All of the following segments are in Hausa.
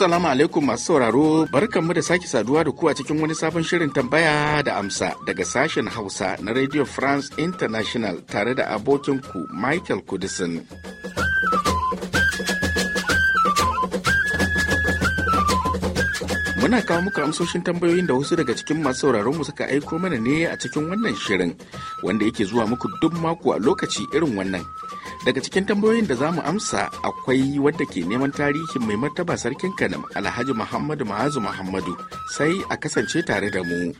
Assalamu alaikum masu sauraro barkanmu da sake saduwa da ku a cikin wani sabon shirin tambaya da amsa daga sashen Hausa na Radio France International tare da abokinku Michael Kudisin. Muna kawo muku amsoshin tambayoyin da wasu daga cikin masu sauraron mu suka aiko mana ne a cikin wannan shirin wanda yake zuwa muku duk mako a lokaci irin wannan daga cikin tambayoyin da za mu amsa akwai wadda ke neman tarihin mai martaba sarkin kanam alhaji muhammadu ma'azu muhammadu sai a kasance tare da mu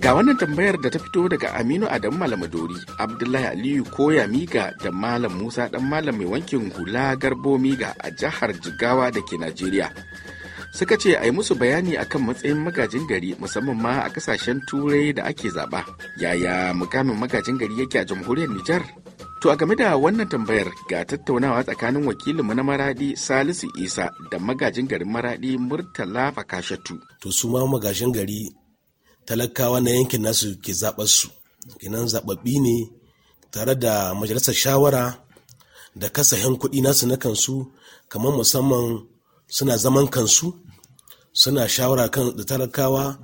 ga wannan tambayar da ta fito daga aminu adam dori abdullahi aliyu koya miga da malam musa dan malam mai wankin hula garbo miga a jihar jigawa da ke najeriya suka ce a yi musu bayani akan matsayin magajin gari musamman ma a kasashen turai da ake zaba yaya mukamin magajin gari yake a jamhuriyar nijar to a game da wannan tambayar ga tattaunawa tsakanin wakilinmu na maradi salisu isa da magajin garin maradi murtala fakashatu to su ma magajin gari talakawa na yankin nasu ke zaɓar su kinan zaɓaɓɓi ne tare da majalisar shawara da kasahin kuɗi nasu na kansu kamar musamman suna zaman kansu suna shawara kan da talakawa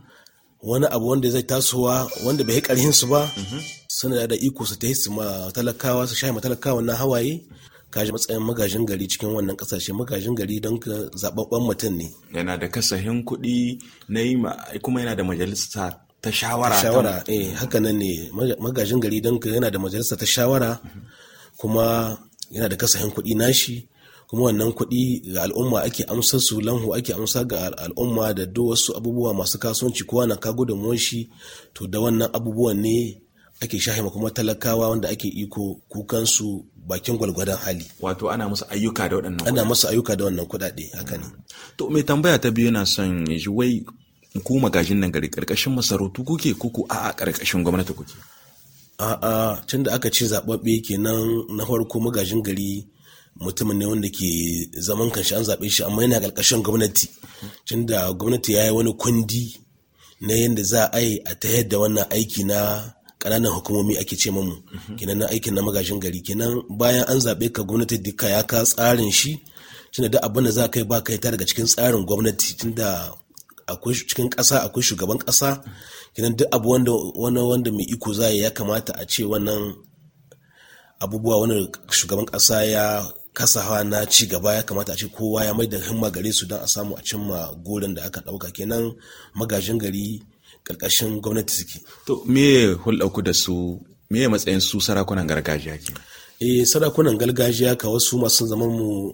wani abu wanda zai tasowa wanda bai karhin su ba suna da iko su ta su ma talakawa su shayi ma talakawa na hawaye kaji matsayin magajin gari cikin wannan kasashe magajin gari don zababben mutum ne yana da kasahin kuɗi na yi kuma yana da majalisa ta shawara shawara eh haka nan ne magajin gari don yana da majalisa ta shawara kuma yana da kasahin kuɗi nashi kuma wannan kuɗi ga al'umma ake amsar su lanhu ake amsa ga al'umma da duk wasu abubuwa masu kasuwanci kowa na kago da shi to da wannan abubuwan ne ake shahima kuma talakawa wanda ake iko kukansu bakin gwalgwadon hali. Wato ana musu ayyuka da waɗannan Ana musu ayyuka da wannan kuɗaɗe haka ne. To mai tambaya ta biyu na son ji wai ku magajin nan gari ƙarƙashin masarautu kuke kuku a a ƙarƙashin gwamnati kuke. A'a tunda aka ce zaɓaɓɓe kenan na farko magajin gari mutumin ne wanda ke zaman kanshi an zaɓe shi amma yana ƙarƙashin gwamnati da gwamnati ya yi wani kundi na yadda za a yi a ta yadda wannan aiki na ƙananan hukumomi ake ce mamu mhm. kenan na aikin na magajin gari kenan bayan an zaɓe ka gwamnati duka ya ka tsarin shi tunda duk abin da za ka yi ba ka ta daga cikin tsarin gwamnati da akwai cikin ƙasa akwai shugaban ƙasa kenan duk abu wanda wanda mai iko za ya kamata a ce wannan abubuwa wani shugaban ƙasa ya kasawa na ci gaba ya kamata a ce kowa ya mai da himma gare su don a samu a cimma gorin da aka dauka kenan magajin gari ƙarƙashin gwamnati suke. To me hulɗa da su me matsayin su sarakunan gargajiya ke? eh sarakunan gargajiya ka wasu masu zama mu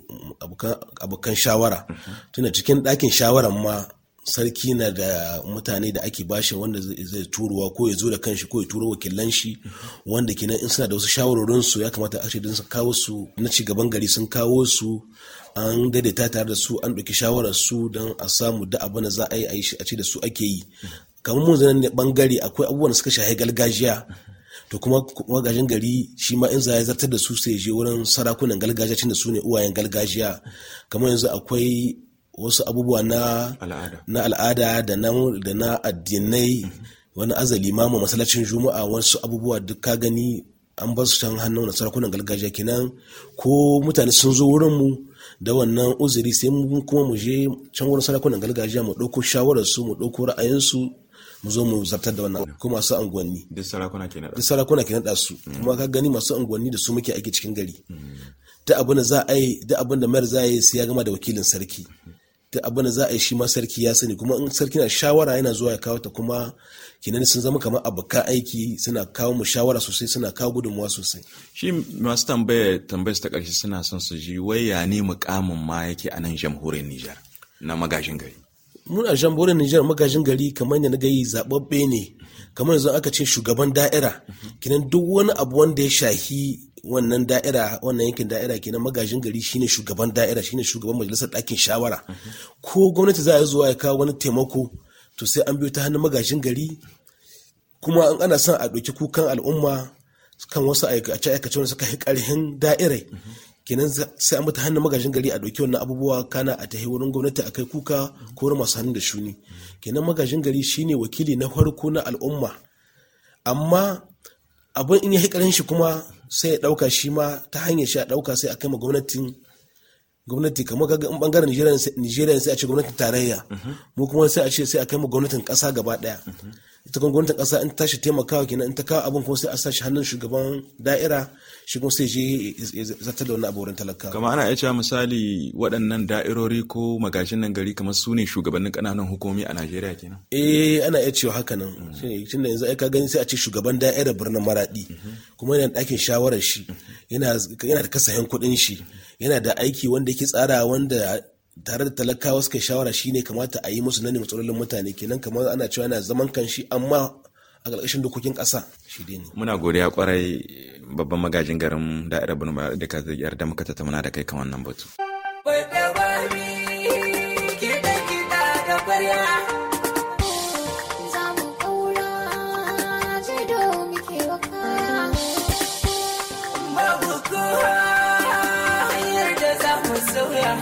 abokan shawara mm-hmm. tunda cikin ɗakin shawaran ma sarki na da mutane da ake bashi wanda zai turuwa ko ya zo da kanshi ko ya turo wakilan shi wanda kenan in suna da wasu shawarorin su ya kamata a din su kawo su na ci gaban gari sun kawo su an daidaita tare da su an ɗauki shawarar su don a samu da abin da za a yi a yi a ce da su ake yi kamar mun zanen bangare akwai abubuwan da suka shahe galgajiya to kuma magajin gari shi ma in za ya zartar da su sai je wurin sarakunan galgajiya cin da su ne uwayen galgajiya kamar yanzu akwai wasu abubuwa na al'ada da na addinai wani azali ma masallacin juma'a wasu abubuwa duk ka gani an ba su can hannu na sarakunan gargajiya kenan ko mutane sun zo wurin mu da wannan uzuri sai mu kuma mu je can wurin sarakunan gargajiya mu ɗauko shawararsu mu ɗauko ra'ayinsu mu zo mu zartar da wannan ko masu unguwanni duk sarakuna ke naɗa duk sarakuna ke naɗa su kuma ka gani masu unguwanni da su muke aiki cikin gari mm. duk abin da za a yi duk abin da mayar za a yi sai ya gama da wakilin sarki duk abin da za a yi shi ma sarki ya sani kuma in sarki na shawara yana zuwa ya kawo ta kuma kinan sun zama kamar abokan aiki suna kawo mu shawara sosai suna kawo gudunmuwa sosai shi masu tambaya tambayar ta karshe suna son su ji wai ya ne mukamin ma yake a nan jamhuriyar Nijar na magajin gari mun a jamhuriyar Nijar magajin gari kamar yadda na gayi zaɓaɓɓe ne kamar yanzu aka ce shugaban da'ira mhm. kinan duk wani abu wanda ya shahi wannan da'ira wannan yankin da'ira kenan magajin gari shine shugaban da'ira shine shugaban majalisar ɗakin shawara ko gwamnati za a zuwa ya kawo wani taimako to sai an biyo ta hannun magajin gari kuma in ana son a ɗauki kukan al'umma kan wasu aikace-aikace wanda suka yi ƙarfin da'irai kenan sai an bata hannun magajin gari a ɗauki wannan abubuwa kana a tahi wurin gwamnati a kai kuka ko wurin masu hannun da shuni kenan magajin gari shine wakili na farko na al'umma amma abin in ya karin shi kuma sai ya ɗauka shi ma ta hanyar shi a dauka sai a kai ma gwamnatin gwamnati kamar ga bangaren Nijeriya sai a ce gwamnatin tarayya mhm. mu kuma sai a ce sai a kai ma gwamnatin kasa gaba ɗaya mhm. ita kuma gwamnatin ƙasa in tashi taimakawa kenan in ta kawo abin kuma sai a sashi hannun shugaban da'ira shi kuma sai je zartar da wani talaka. kama ana iya cewa misali waɗannan da'irori ko magashin nan gari kamar su ne shugabannin ƙananan hukumomi a najeriya kenan. eh ana iya cewa haka nan tunda yanzu ai ka gani sai a ce shugaban da'irar birnin maraɗi kuma yana ɗakin shawarar shi yana da kasahin kuɗin shi yana da aiki wanda yake tsara wanda tare da talakawa suka shawara shine kamata a yi musu nan matsalolin mutane kenan kamar ana cewa yana zaman kanshi amma a ƙarƙashin dokokin ƙasa shi ne. Muna godiya kwarai babban magajin garin da'irar ba da ka yar da muka tattauna da kai kan wannan batu. Bai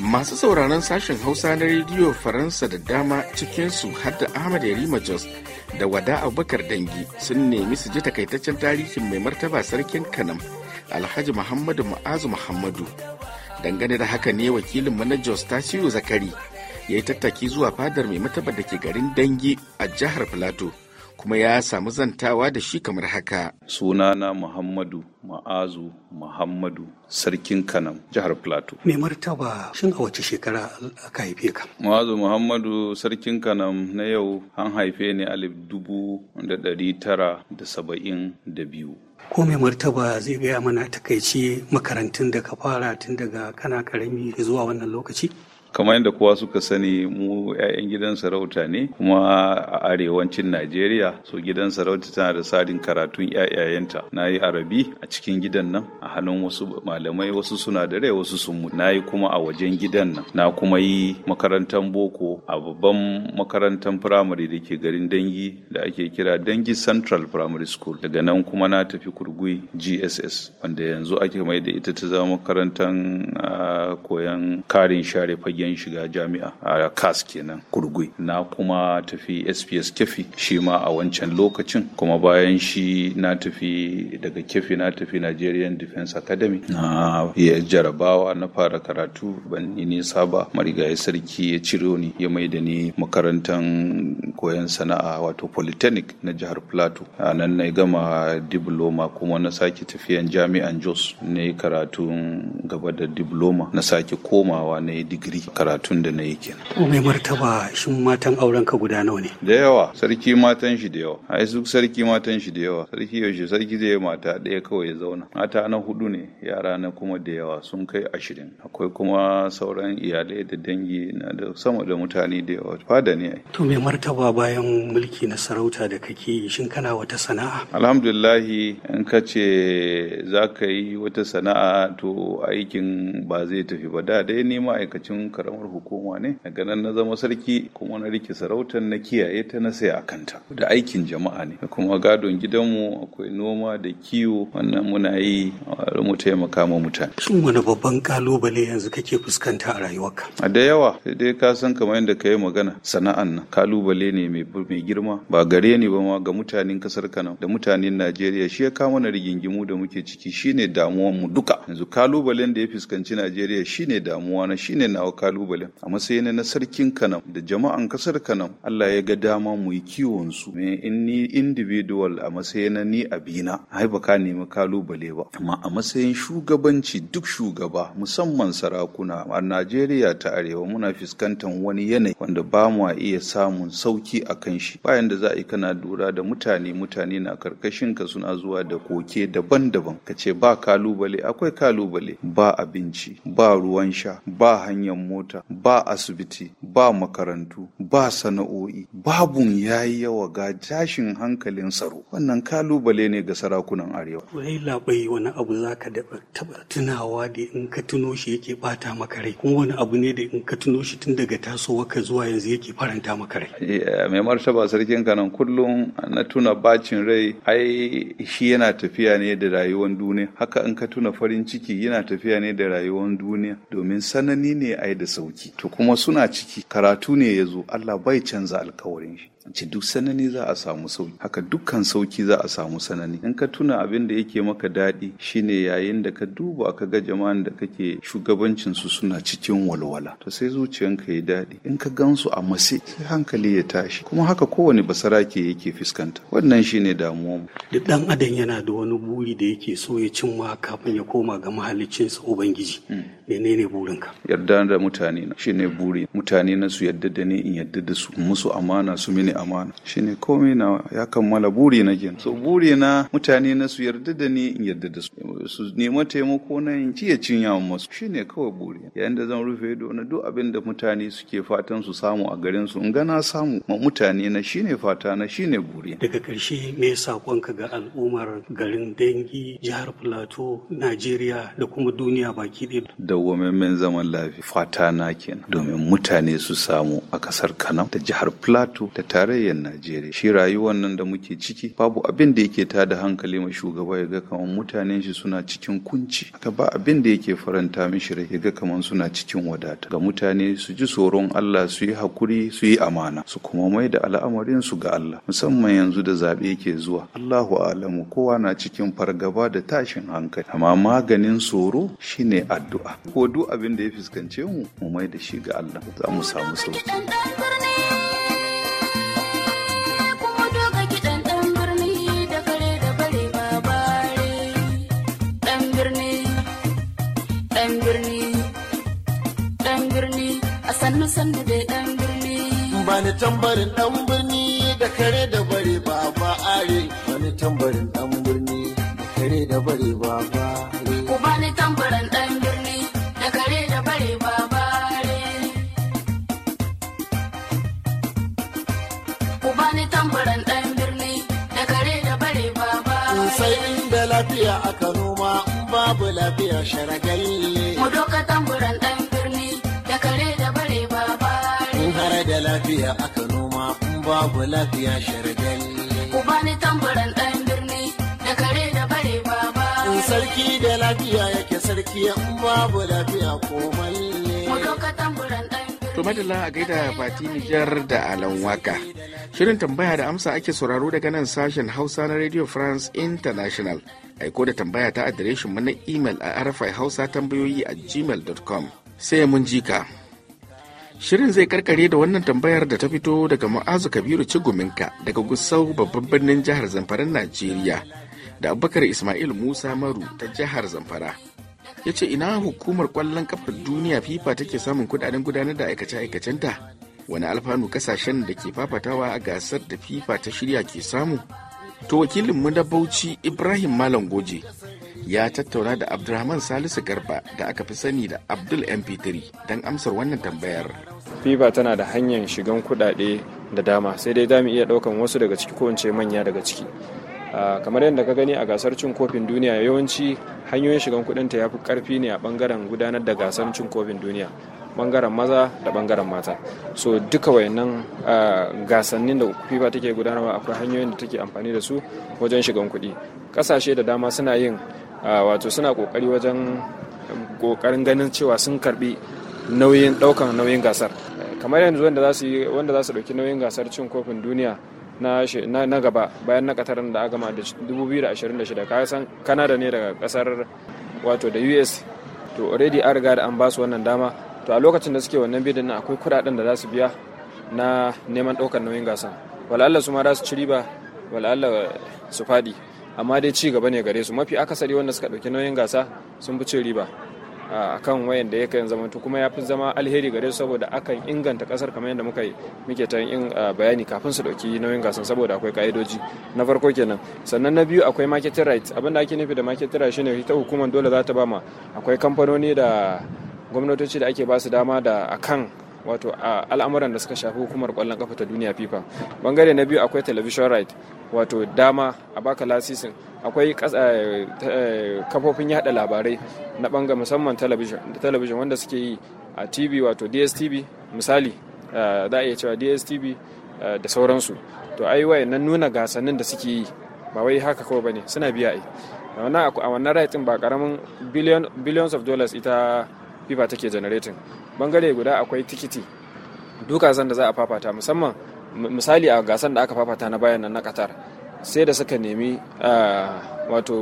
Masu sauraron sashen Hausa na rediyo Faransa da dama cikinsu hadda Ahmad Yarima Jos da Wada Abubakar Dangi sun nemi su ji takaitaccen tarihin mai martaba sarkin Kanam Alhaji Muhammadu ma'azu Muhammadu. Dangane da haka ne wakilin na Jos Tasiu Zakari ya yi tattaki zuwa fadar mai martaba da ke garin Dangi a jihar Plateau. kuma ya samu zantawa da shi kamar haka. Sunana Muhammadu Ma'azu Muhammadu Sarkin Kanam jihar Plateau. Mai martaba shin a wace shekara aka haife ka? Ma'azu Muhammadu Sarkin Kanam na yau an haife ni alif dubu da ɗari tara da saba'in da biyu. ko mai martaba zai gaya mana takaici makarantun da ka fara tun daga kana karami zuwa wannan lokaci? kamar yadda kowa suka sani mu 'ya'yan gidan sarauta ne kuma a arewacin najeriya so gidan sarauta tana da tsarin karatun 'ya'yayenta na yi arabi a cikin gidan nan a hannun wasu malamai wasu suna da rai wasu sun na yi kuma a wajen gidan nan na kuma yi makarantar boko a babban makarantar firamare da ke garin dangi da ake kira dangi central primary school daga nan kuma na tafi kurgui gss wanda yanzu ake mai da ita ta zama makarantar ah, koyon karin share fage Yan shiga jami'a a kas kenan kurgui na kuma tafi sps kefi shi ma a wancan lokacin kuma bayan shi na tafi daga kefi na tafi nigerian defense academy na ya jarabawa na fara karatu ban yi nisa ba marigayi sarki ya ciro ni ya mai da ni makarantar koyon sana'a wato polytechnic na jihar plateau a nan na gama diploma kuma na sake tafiyan jami'an jos na yi karatun gaba da diploma na sake komawa na yi digiri karatun da na yi kenan. Ko mai martaba shin matan auren ka guda nawa ne? Da yawa sarki matan shi da yawa ai su sarki matan shi da yawa sarki yaushe sarki zai mata ɗaya kawai ya zauna mata na hudu ne yara na kuma da yawa sun kai ashirin akwai kuma sauran iyalai da dangi na da sama da mutane da yawa fada ne to mai martaba bayan mulki na sarauta da kake shin kana wata sana'a alhamdulillahi in ka ce za ka yi wata sana'a to aikin ba zai tafi ba da dai ne ma'aikacin karamar hukuma ne daga nan na zama sarki kuma na rike sarautar na kiyaye ta na saya a kanta da aikin jama'a ne kuma gadon gidanmu akwai noma da kiwo wannan muna yi mu taimaka ma mutane shin wani babban kalubale yanzu kake fuskanta a rayuwarka a da yawa sai dai ka san kamar yadda ka yi magana sana'an nan kalubale ne mai girma ba gare ni ba ma ga mutanen kasar Kano da mutanen Najeriya shi ya kama na rigingimu da muke ciki shine damuwan mu duka yanzu kalubalen da ya fuskanci Najeriya shine damuwa na shine nawa kalubale a matsayin na sarkin Kanam da jama'an kasar Kanam Allah ya ga dama mu yi kiwon su me in ni individual a matsayin na ni abina ai ba ka nemi kalubale ba amma a matsayin shugabanci duk shugaba musamman sarakuna a Najeriya ta arewa muna fuskantar wani yanayi wanda ba mu iya samun sauki a kan shi bayan da za a yi kana lura da mutane mutane na karkashin ka suna zuwa da koke daban-daban ka ce ba kalubale akwai kalubale ba abinci ba ruwan sha ba hanyar mota mota ba asibiti ba makarantu ba sana'o'i babun ya yi yawa ga tashin hankalin tsaro wannan kalubale ne ga sarakunan arewa wai labai wani abu za ka taɓa tunawa da in ka tuno shi yake bata maka rai kuma wani abu ne da in ka tuno shi tun daga tasowa ka zuwa yanzu yake faranta maka rai eh, mai martaba sarkin kanan kullum na tuna bacin rai ai shi yana tafiya ne da rayuwar duniya haka in ka tuna farin ciki yana tafiya ne da rayuwar duniya domin sanani ne ai da sauki to kuma suna ciki karatu ne ya zo Allah bai canza alkawarin shi ce duk sanani za a samu sauki haka dukkan sauki za a samu sanani in ka tuna abin da yake maka daɗi shine yayin da ka duba ka ga jama'an da kake shugabancin su suna cikin walwala to sai zuciyanka ya daɗi in ka gansu a mase sai hankali ya tashi kuma haka kowane basarake yake fuskanta wannan shine damuwa duk dan adam yana da wani buri da yake so ya cimma kafin ya koma ga sa ubangiji hmm. menene burinka yarda da mutane na shine buri mutane na su yadda da ni in yadda da su musu amana su mini ne amana shine komai na ya kammala buri na gina so buri na mutane na su yarda da ni in yarda da su su nema taimako na in ciye cin yawon masu shine kawai buri yayin da zan rufe ido na duk abin da mutane suke fatan su samu a garin su in ga na samu ma mutane na shine fata na shine buri daga karshe me sakonka ga al'ummar garin dangi jihar plateau najeriya da kuma duniya baki ɗaya dawwamammen zaman lafiya fata na kenan domin mutane su samu a kasar kanam da jihar plateau da ta. tarayyar Najeriya shi rayuwar nan da muke ciki babu abin da yake tada hankali ma shugaba ya ga kamar mutanen shi suna cikin kunci Kaba ba abin da yake faranta mishi rai ya ga kamar suna cikin wadata ga mutane su ji tsoron Allah su yi hakuri su yi amana su kuma mai da al'amarin su ga Allah musamman yanzu da zaɓe yake zuwa Allahu a'lamu kowa na cikin fargaba da tashin hankali amma maganin tsoro shine addu'a ko duk abin da ya fuskance mu mu mai da shi ga Allah za mu samu sauki hannu sanda da dan birni ba ni tambarin dan birni da kare da bare ba ba are ba ni tambarin dan birni da kare da bare ba ba ku ba ni tambarin dan birni da kare da bare ba ba ku ba ni tambarin dan birni da kare da bare ba ba sai inda lafiya aka noma babu lafiya sharagalle mu doka tamburan lafiya aka noma in babu lafiya sharagal uba ni tambaran dan birni da kare da bare baba sarki da lafiya yake sarki in babu lafiya komai da To a gaida Fati Nijar da Alan Waka. Shirin tambaya da amsa ake sauraro daga nan sashen Hausa na Radio France International. Aiko da tambaya ta adireshin mu na imel a arafai hausa tambayoyi a gmail.com. Sai mun ji ka. Shirin zai karkare da wannan tambayar da ta fito daga mu'azu Kabiru Ciguminka daga Gusau babban birnin jihar Zamfara Najeriya da Abubakar Ismail Musa Maru ta jihar Zamfara. Ya ce ina hukumar kwallon kafar duniya FIFA take samun kudaden gudanar da aikace ta wani alfanu kasashen da ke fafatawa a gasar da FIFA ta shirya ke samu. To wakilin mu na Bauchi Ibrahim Malam Goje ya tattauna da abdulrahman salisu garba da aka fi sani da abdul mp3 don amsar wannan tambayar fifa tana da hanyar shigan kudade da dama sai dai zamu iya daukan wasu daga ciki ko ce manya daga ciki kamar yadda ka gani a gasar cin kofin duniya yawanci hanyoyin shigan kuɗinta ya fi karfi ne a bangaren gudanar da gasar cin kofin duniya bangaren maza da bangaren mata so duka wayannan gasannin da fifa take gudanarwa akwai hanyoyin da take amfani da su wajen shigan kuɗi kasashe da dama suna yin Ah, wato suna kokari wajen kokarin ganin cewa sun karbi nauyin daukan nauyin gasar eh, kamar yanzu wanda za su dauki nauyin gasar cin kofin duniya na gaba bayan na katarin da agama da 2026 ka san Canada ne daga kasar wato da US to already an riga da an ba wannan dama to a lokacin da suke wannan bidin nan akwai kudaden da za su biya na neman daukan nauyin gasar wala'alla su ma za su ci riba wala'alla su fadi amma dai ci gaba ne gare su mafi akasari wanda suka ɗauki nauyin gasa sun fi cin riba a kan wayan da yakan zama to kuma ya fi zama alheri gare su saboda akan inganta kasar kamar yadda muka muke ta yin bayani kafin su dauki nauyin gasan saboda akwai ka'idoji na farko kenan sannan na biyu akwai marketing right abinda ake nufi da marketing right shine ita hukumar dole za ta ba ma akwai kamfanoni da gwamnatoci da ake ba su dama da akan wato a al'amuran da suka shafi hukumar kwallon kafa ta duniya fifa bangare na biyu akwai television right wato dama a baka lasisin akwai eh, eh, kafofin yada labarai na banga musamman television wanda suke yi a tv wato dstv misali eh, za a iya cewa dstv da sauransu to ai wayannan nuna gasannin da suke yi ba wai haka kawai bane suna biya ai a wannan right ba karamin billions of dollars ita fifa take generating bangare guda akwai tikiti duka zan da za a fafata musamman misali a gasar da aka fafata na bayan nan na qatar sai da suka nemi ah, wato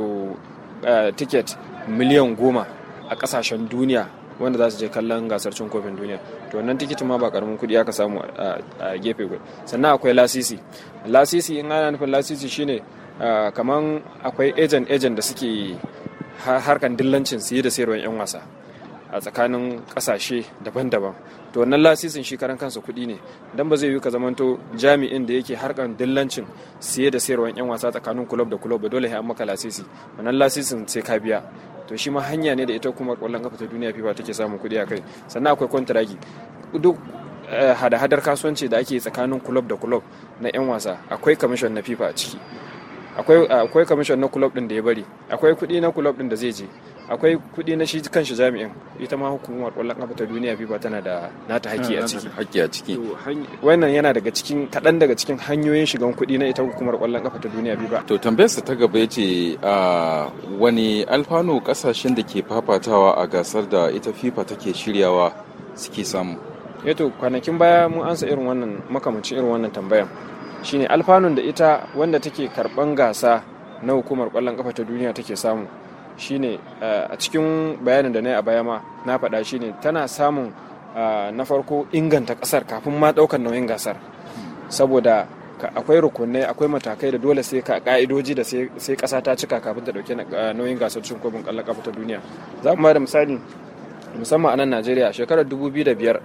ah, tiket miliyan goma a kasashen duniya wanda za su je kallon gasar cin kofin duniya to wannan tikitin ma ba karamin kuɗi aka samu a gefe guda sannan akwai lasisi lasisi in ana nufin lasisi shine ah, kaman akwai agent agent da suke harkan dillancin siye da sayarwar 'yan wasa a tsakanin kasashe daban-daban to wannan lasisin shi karan kansa kuɗi ne dan ba zai yi ka zamanto jami'in da yake harkan dillancin siye da sayarwar yan wasa tsakanin kulob da kulob ba dole sai an maka lasisi wannan lasisin sai ka biya to shi ma hanya ne da ita kuma kwallon kafa ta duniya fifa take samun kuɗi a kai sannan akwai kwantaragi duk eh, hada-hadar kasuwanci da ake tsakanin kulob da kulob na 'yan wasa akwai kamishon na fifa a ciki akwai kamishon na kulob din da ya bari akwai kuɗi na kulob din da zai je akwai kuɗi na shi kanshi jami'in ita ma hukumar ƙwallon ƙafa ta duniya fifa tana da nata haƙƙi a ciki haƙƙi a ciki wannan yana daga cikin kaɗan daga cikin hanyoyin shigan kuɗi na ita hukumar ƙwallon ƙafa ta duniya fifa to tambayarsa ta gaba yace a wani alfanu ƙasashen da ke fafatawa a gasar da ita fifa take shiryawa suke samu eh to kwanakin baya mun ansa irin wannan makamancin irin wannan tambayan shine alfanun da ita wanda take karban gasa na hukumar ƙwallon ƙafa ta duniya take samu shine eh, a cikin bayanin da na yi a baya ma na faɗa shine tana samun eh, na farko inganta ƙasar kafin ma ɗaukar nauyin gasar saboda akwai rukunai akwai matakai da dole sai ka ka'idoji da sai ƙasa ta cika kafin ta ɗauki eh, nauyin gasar cin kofin kallaka ƙafa ta duniya za mu da misali musamman a nan najeriya shekarar 2005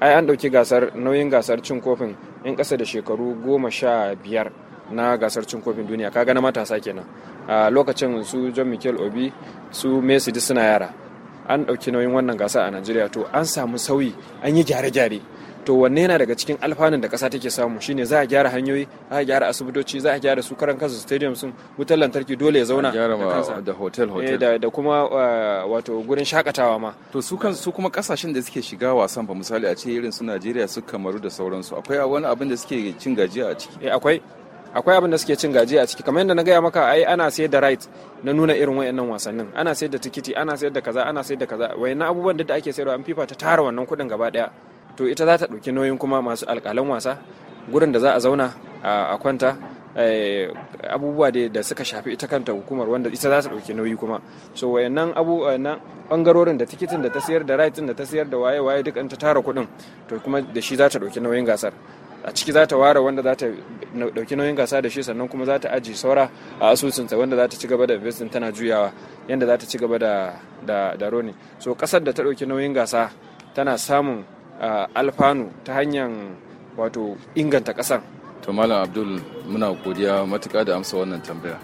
ai an ɗauki gasar nauyin gasar cin kofin 'yan ƙasa da shekaru goma sha biyar na gasar cin kofin duniya ka gana matasa kenan a lokacin su john michael obi su messi duk suna yara an ɗauki nauyin wannan gasa a najeriya to an samu sauyi an yi gyare-gyare to wanne yana daga cikin alfanun da ƙasa take samu shine za a gyara hanyoyi za a gyara asibitoci za a gyara su karan kansu stadium sun wutar lantarki dole ya zauna da hotel eh, hotel da kuma ah, wato gurin shakatawa ma to su kan kuma kasashen da suke shiga wasan ba misali a ce irin su Najeriya su Kamaru da sauransu akwai wani abin da suke cin gajiya a ciki eh akwai akwai abin da suke cin gaji a ciki kamar yadda na gaya maka ai ana sayar da right na nuna irin wayannan wasannin ana sayar da tikiti ana sayar da kaza ana sayar da kaza wayannan abubuwan da ake sayarwa an fifa ta tara wannan kuɗin gaba daya to ita za ta ɗauki nauyin kuma masu alƙalan wasa gurin da za a zauna a kwanta eh, abubuwa da suka shafi ita kanta hukumar wanda ita za ta ɗauki nauyi kuma so wayannan abu na bangarorin da tikitin da ta sayar da right da ta sayar da waye waye duk an ta tara kuɗin to kuma da shi za ta ɗauki nauyin gasar a ciki za ta ware wanda za ta dauki nauyin gasa da shi sannan kuma za ta aji saura a asusunsa wanda za ta ci gaba da investin tana juyawa yadda za ta ci gaba da da roni so kasar da ta dauki nauyin gasa tana samun alfanu ta hanyar wato inganta kasan to malam abdul muna godiya matuka da amsa wannan tambaya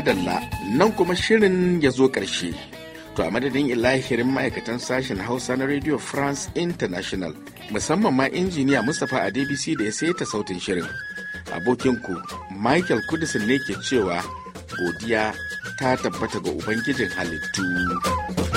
madalla nan kuma shirin ya zo ƙarshe. To a madadin ilahirin ma'aikatan sashen Hausa na Radio France International musamman ma injiniya Mustapha dbc da ya saita sautin shirin. Abokinku Michael Kudisin ne ke cewa godiya ta tabbata ga Ubangijin halittu.